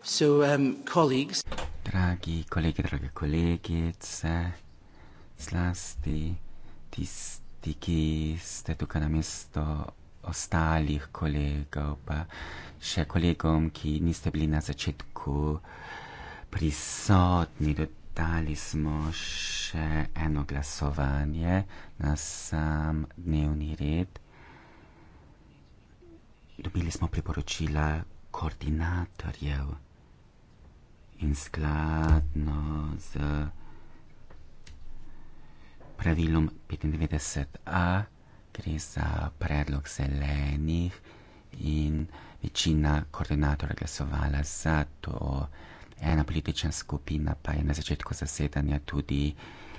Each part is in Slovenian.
So, um, colleagues. Dragi kolegi, drage kolegice, zlasti tisti, ki ste tukaj na mesto ostalih kolegov, pa še kolegom, ki niste bili na začetku prisotni, dodali smo še eno glasovanje na sam dnevni red. Dobili smo priporočila koordinatorjev in skladno z pravilom 95a gre za predlog zelenih in večina koordinatorja glasovala za to. Ena politična skupina pa je na začetku zasedanja tudi uh,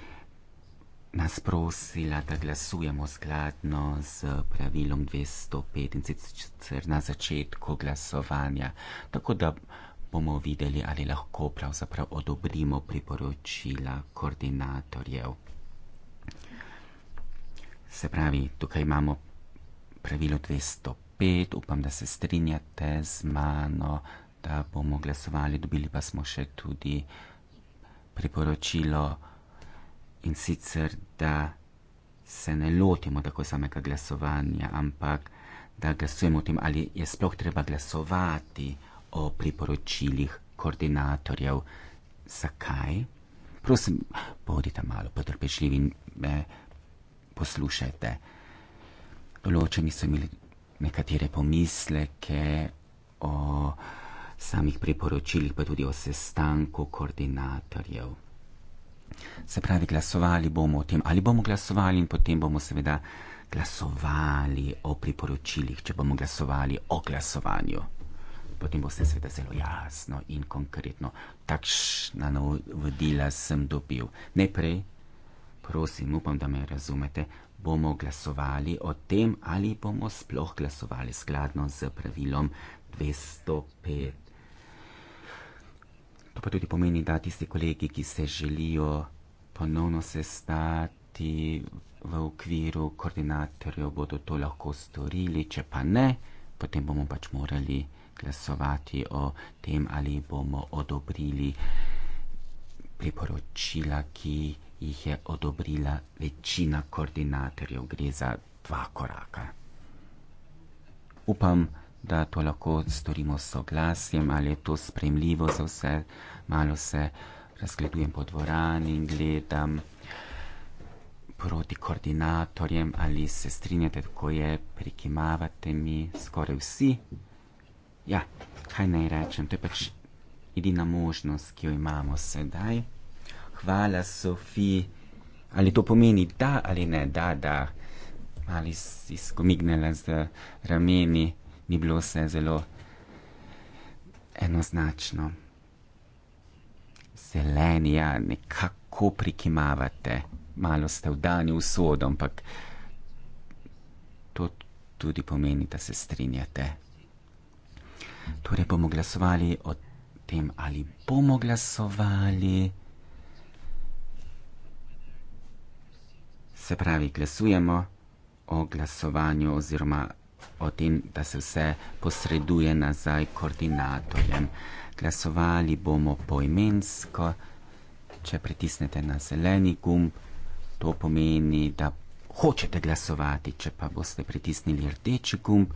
nas prosila, da glasujemo skladno z pravilom 245 na začetku glasovanja, tako da bomo videli, ali lahko pravzaprav odobrimo priporočila koordinatorjev. Se pravi, tukaj imamo pravilo 205, upam, da se strinjate z mano, da bomo glasovali, dobili pa smo še tudi priporočilo in sicer, da se ne lotimo tako samega glasovanja, ampak da glasujemo o tem, ali je sploh treba glasovati o priporočilih koordinatorjev. Zakaj? Prosim, bodite malo potrpežljivi in me poslušajte. Določeni so imeli nekatere pomisleke o samih priporočilih, pa tudi o sestanku koordinatorjev. Se pravi, glasovali bomo o tem, ali bomo glasovali in potem bomo seveda glasovali o priporočilih, če bomo glasovali o glasovanju. Potem bo vse seveda zelo jasno in konkretno. Takšna navodila sem dobil. Najprej, prosim, upam, da me razumete, bomo glasovali o tem, ali bomo sploh glasovali skladno z pravilom 205. To pa tudi pomeni, da tisti kolegi, ki se želijo ponovno sestati v okviru koordinatorjev, bodo to lahko storili, če pa ne, potem bomo pač morali glasovati o tem, ali bomo odobrili priporočila, ki jih je odobrila večina koordinatorjev. Gre za dva koraka. Upam, da da to lahko storimo s soglasjem, ali je to sprejemljivo za vse. Malo se razgledujem po dvorani in gledam proti koordinatorjem, ali se strinjate, kako je, prikimavate mi, skoraj vsi. Ja, kaj naj rečem, to je pač edina možnost, ki jo imamo sedaj. Hvala, Sofiji. Ali to pomeni da ali ne, da, da. Ali si skomignila z rameni ni bilo vse zelo enoznačno. Zeleni, ja, nekako prikimavate, malo ste vdani v sodo, ampak to tudi pomeni, da se strinjate. Torej bomo glasovali o tem, ali bomo glasovali. Se pravi, glasujemo o glasovanju oziroma o tem, da se vse posreduje nazaj koordinatorjem. Glasovali bomo poimensko, če pritisnete na zeleni gumb, to pomeni, da hočete glasovati, če pa boste pritisnili rdeči gumb,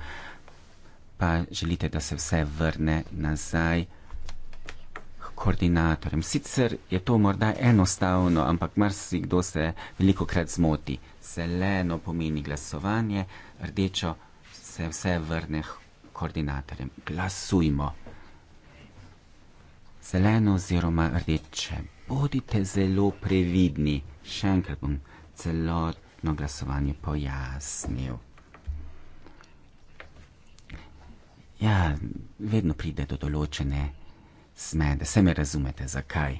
pa želite, da se vse vrne nazaj. Koordinatorjem. Sicer je to morda enostavno, ampak marsikdo se veliko krat zmoti. Zeleno pomeni glasovanje, rdečo se vse vrne k koordinatorjem. Glasujmo. Zeleno oziroma rdeče. Bodite zelo previdni. Še enkrat bom celotno glasovanje pojasnil. Ja, vedno pride do določene smede. Se me razumete, zakaj?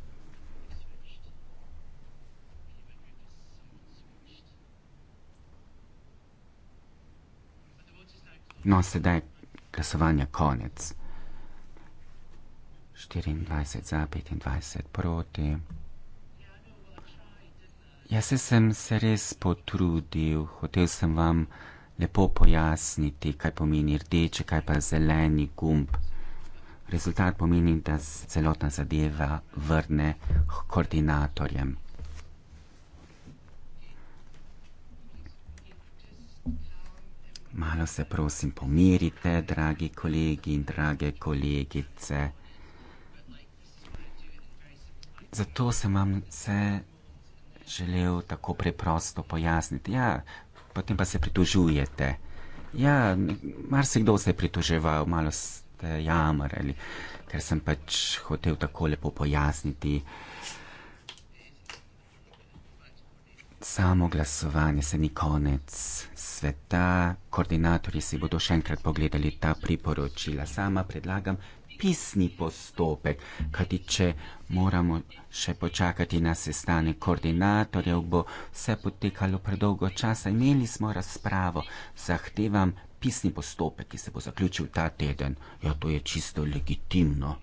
No, sedaj je glasovanje konec. 24 za 25 proti. Jaz sem se res potrudil, hotel sem vam lepo pojasniti, kaj pomeni rdeče, kaj pa zeleni gumb. Rezultat pomeni, da se celotna zadeva vrne k koordinatorjem. Malo se prosim pomirite, dragi kolegi in drage kolegice. Zato sem vam vse želel tako preprosto pojasniti. Ja, potem pa se pritožujete. Ja, marsikdo se je pritoževal, malo ste jamrali, ker sem pač hotel tako lepo pojasniti. Uh, Samo glasovanje se ni konec sveta. Koordinatorji si bodo še enkrat pogledali ta priporočila. Sama predlagam pisni postopek, kajti če moramo še počakati na sestanek koordinatorjev, bo vse potekalo predolgo časa. Imeli smo razpravo, zahtevam pisni postopek, ki se bo zaključil ta teden. Ja, to je čisto legitimno.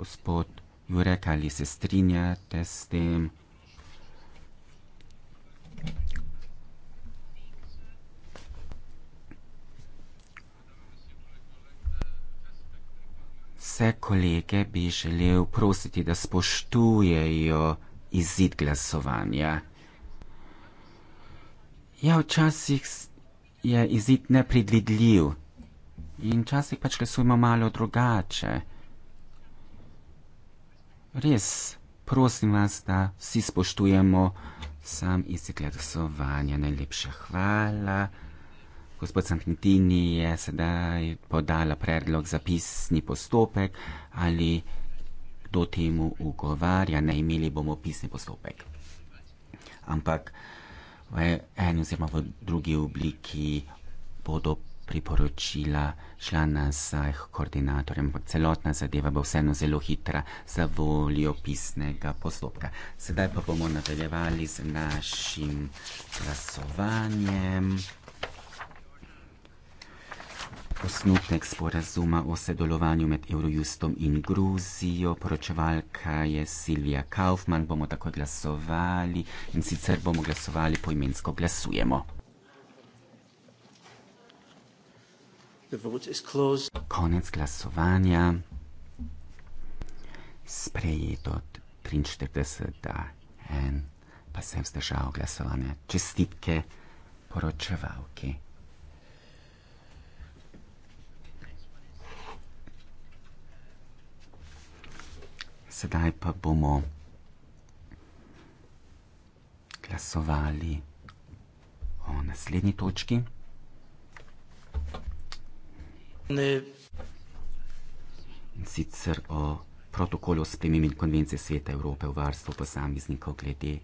Gospod Jurek, ali se strinjate s tem? vse kolege bi želel prositi, da spoštujejo izid glasovanja. Ja, včasih je izid nepredvidljiv in včasih pač glasujemo malo drugače. Res, prosim vas, da vsi spoštujemo sam izid glasovanja. Najlepša hvala. Gospod Sankmitini je sedaj podala predlog za pisni postopek ali kdo temu ugovarja, ne imeli bomo pisni postopek. Ampak v eni oziroma v drugi obliki bodo priporočila šla nazaj k koordinatorjem, ampak celotna zadeva bo vseeno zelo hitra za voljo pisnega postopka. Sedaj pa bomo nadaljevali z našim glasovanjem osnutek sporazuma o sedelovanju med Eurojustom in Gruzijo. Poročevalka je Silvija Kaufmann, bomo tako glasovali in sicer bomo glasovali poimensko glasujemo. Konec glasovanja. Sprejeto 43, da en pa sem zdržal glasovanje. Čestitke poročevalki. sedaj pa bomo glasovali o naslednji točki. Ne. In sicer o protokolu s premijem konvencije Sveta Evrope o varstvu posameznikov glede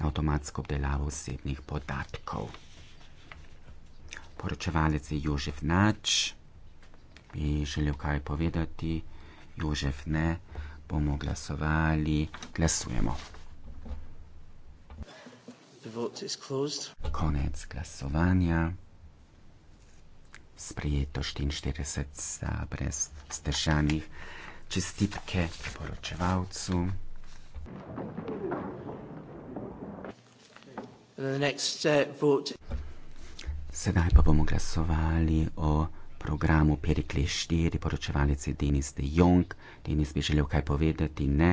na avtomatsko obdelavo osebnih podatkov. Poročevalec je Jožef Nač, bi želel kaj povedati, Jožef ne bomo glasovali. Glasujemo. Konec glasovanja. Sprejeto 44 za brez stršanih. Čestitke poročevalcu. Uh, Sedaj pa bomo glasovali o programu Perikle 4, poročevalec je Denis de Jong. Denis bi želel kaj povedati, ne?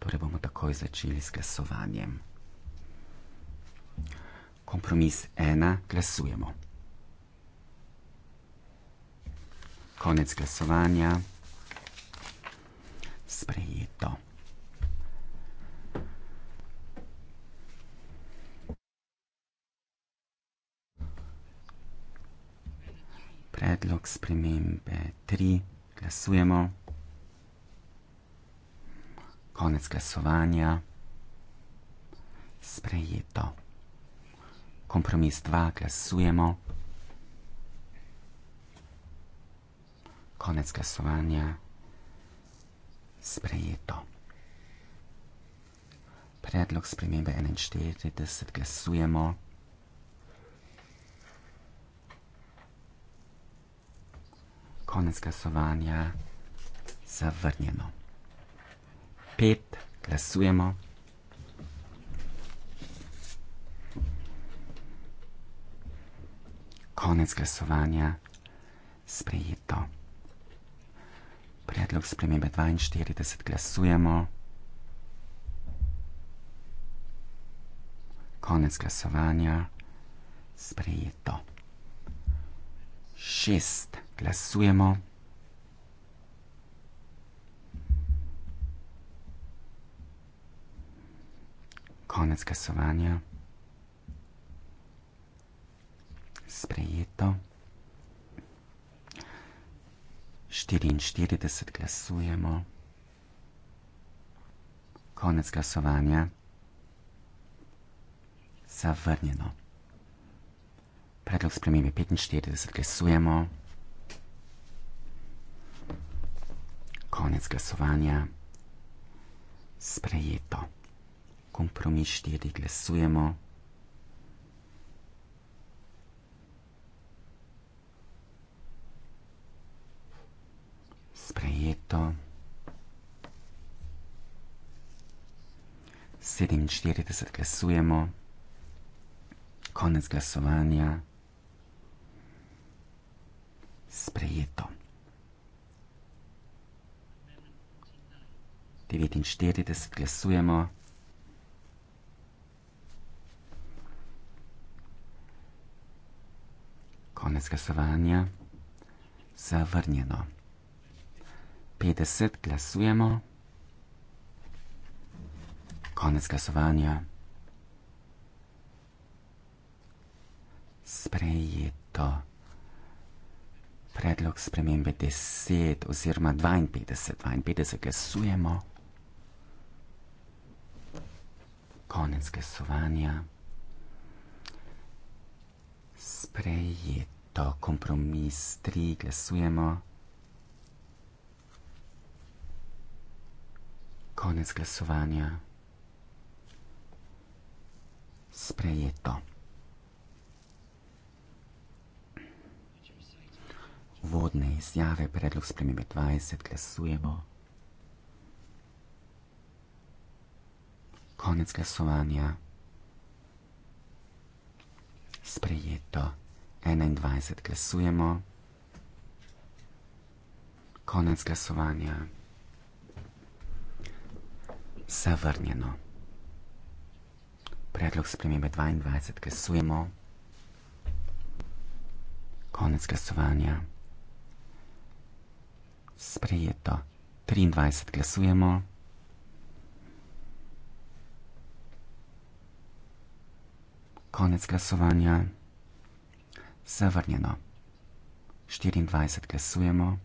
Torej bomo takoj začeli s glasovanjem. Kompromis 1, glasujemo. Konec glasovanja. Sprejeto. spremembe tri, glasujemo. Konec glasovanja. Sprejeto. Kompromis dva, glasujemo. Konec glasovanja. Sprejeto. Predlog spremembe 41, glasujemo. konec glasovanja zavrnjeno. Pet glasujemo. Konec glasovanja sprejeto. Predlog spremembe 42 glasujemo. Konec glasovanja sprejeto. Šest. Glasujemo. Konec glasovanja. Sprejeto. 44 glasujemo. Konec glasovanja. Zavrnjeno. Predlog spremembe 45 glasujemo. konec glasovanja sprejeto. Kompromis štiri glasujemo. Sprejeto. 47 glasujemo, konec glasovanja, sprejeto. 49 glasujemo. Konec glasovanja. Zavrnjeno. 50 glasujemo. Konec glasovanja. Sprejeto. Predlog spremembe 10 oziroma 52. 52 glasujemo. konec glasovanja. Sprejeto kompromis 3, glasujemo. Konec glasovanja. Sprejeto. Vodne izjave, predlog spremembe 20, glasujemo. konec glasovanja sprejeto 21 glasujemo. Konec glasovanja zavrnjeno. Predlog spremembe 22 glasujemo. Konec glasovanja sprejeto 23 glasujemo. konec glasovanja zavrnjeno. 24 glasujemo.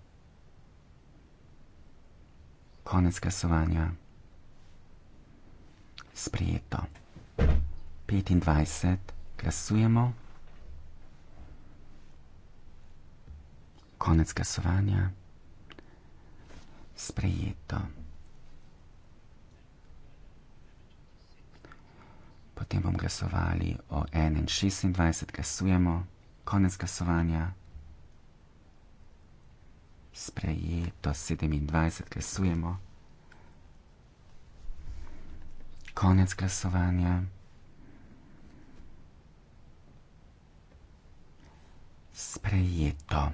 Konec glasovanja sprejeto. 25 glasujemo. Konec glasovanja sprejeto. potem bomo glasovali o 26, glasujemo, konec glasovanja. Sprejeto 27, glasujemo. Konec glasovanja. Sprejeto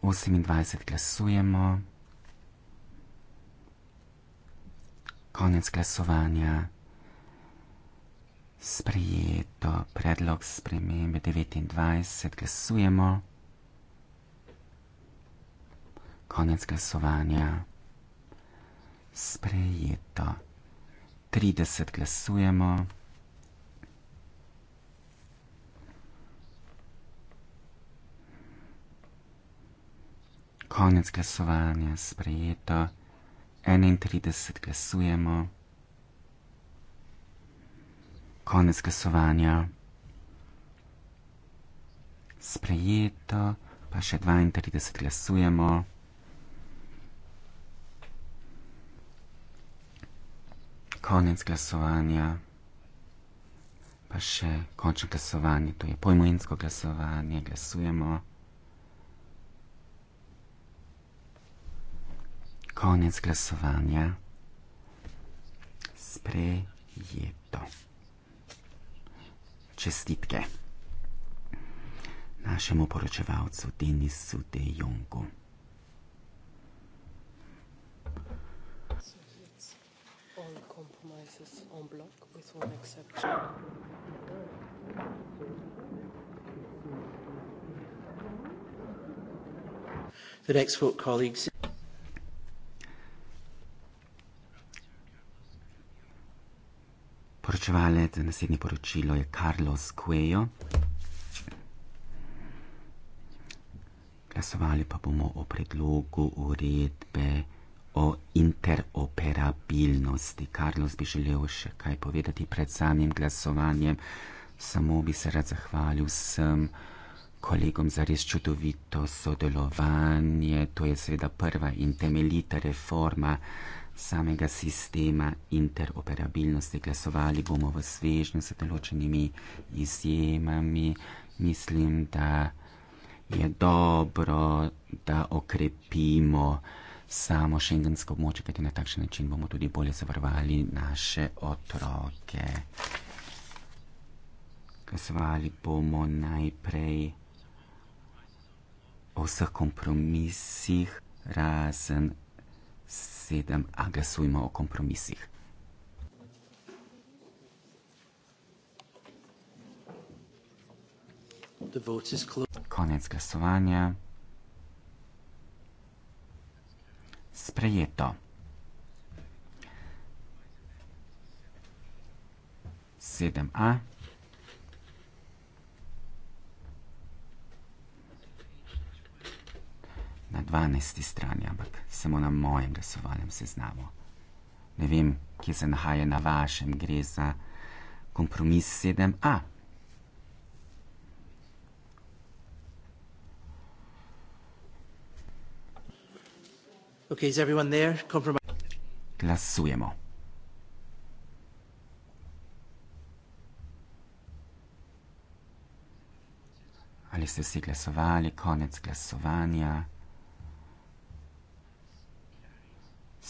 28, glasujemo. Konec glasovanja sprejeto predlog spremembe 29, glasujemo. Konec glasovanja. Sprejeto. 30 glasujemo. Konec glasovanja sprejeto. 31 glasujemo konec glasovanja. Sprejeto, pa še 32 glasujemo. Konec glasovanja, pa še končno glasovanje, to je pojmovinsko glasovanje, glasujemo. Konec glasovanja, sprejeto čestitke našemu poročevalcu Denisu De Jongu. The next vote, colleagues. poročevalec, naslednje poročilo je Carlos Cuello. Glasovali pa bomo o predlogu uredbe o interoperabilnosti. Carlos bi želel še kaj povedati pred samim glasovanjem. Samo bi se rad zahvalil vsem kolegom za res čudovito sodelovanje. To je seveda prva in temeljita reforma samega sistema interoperabilnosti. Glasovali bomo v svežnju z določenimi izjemami. Mislim, da je dobro, da okrepimo samo šengensko območje, kajti na takšen način bomo tudi bolje zavarovali naše otroke. Glasovali bomo najprej o vseh kompromisih, razen sedem, a glasujmo o kompromisih. Konec glasovanja. Sprejeto. Sedem a. na 12. strani, ampak samo na mojem glasovalnem seznamu. Ne vem, kje se nahaja na vašem, gre za kompromis 7a. Okay, is everyone there? Compromise. Glasujemo. Ali ste si glasovali, konec glasovanja?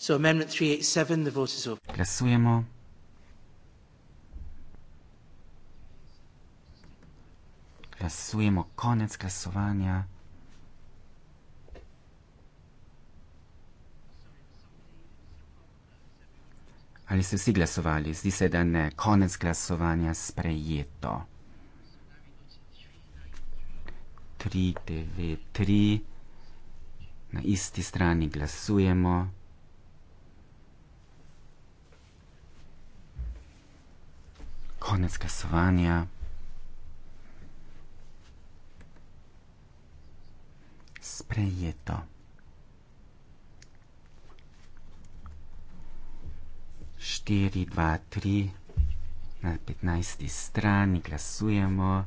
So amendment 387, the vote is open. Glasujemo. Glasujemo konec glasovanja. Ali ste vsi glasovali? Zdi se, da ne. Konec glasovanja sprejeto. 393 na isti strani glasujemo. konec kasovanja. Sprejeto. Štiri, dva, tri, na petnajsti strani glasujemo.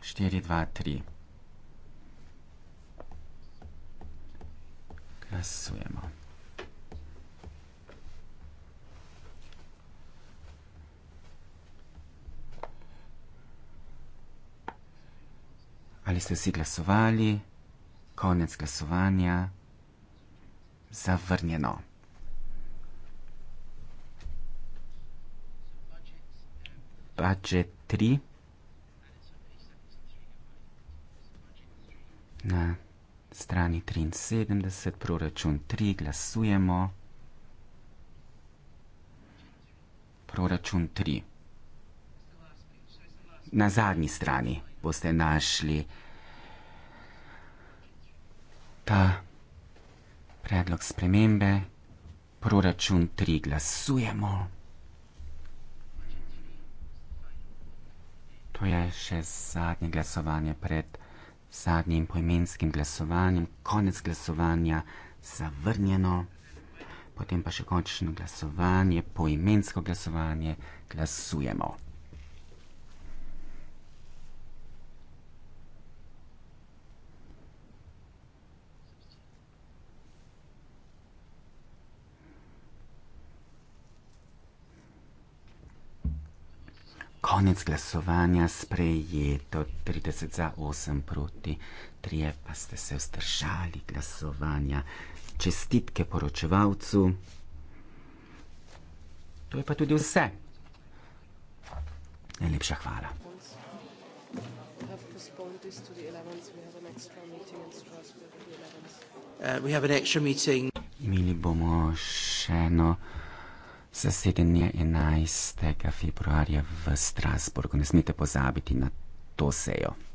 Štiri, dva, tri. prepisujemo. Ali ste vsi glasovali, konec glasovanja, zavrnjeno. Bače tri. Na strani 73, proračun 3, glasujemo. Proračun 3. Na zadnji strani boste našli ta predlog spremembe. Proračun 3, glasujemo. To je še zadnje glasovanje pred zadnjim poimenskim glasovanjem, konec glasovanja, zavrnjeno, potem pa še končno glasovanje, poimensko glasovanje, glasujemo. konec glasovanja sprejeto 30 za 8 proti 3, pa ste se vzdržali glasovanja. Čestitke poročevalcu. To je pa tudi vse. Najlepša hvala. Uh, Imeli bomo še eno zasedanje 11. februarja v Strasburgu. Ne smete pozabiti na to sejo.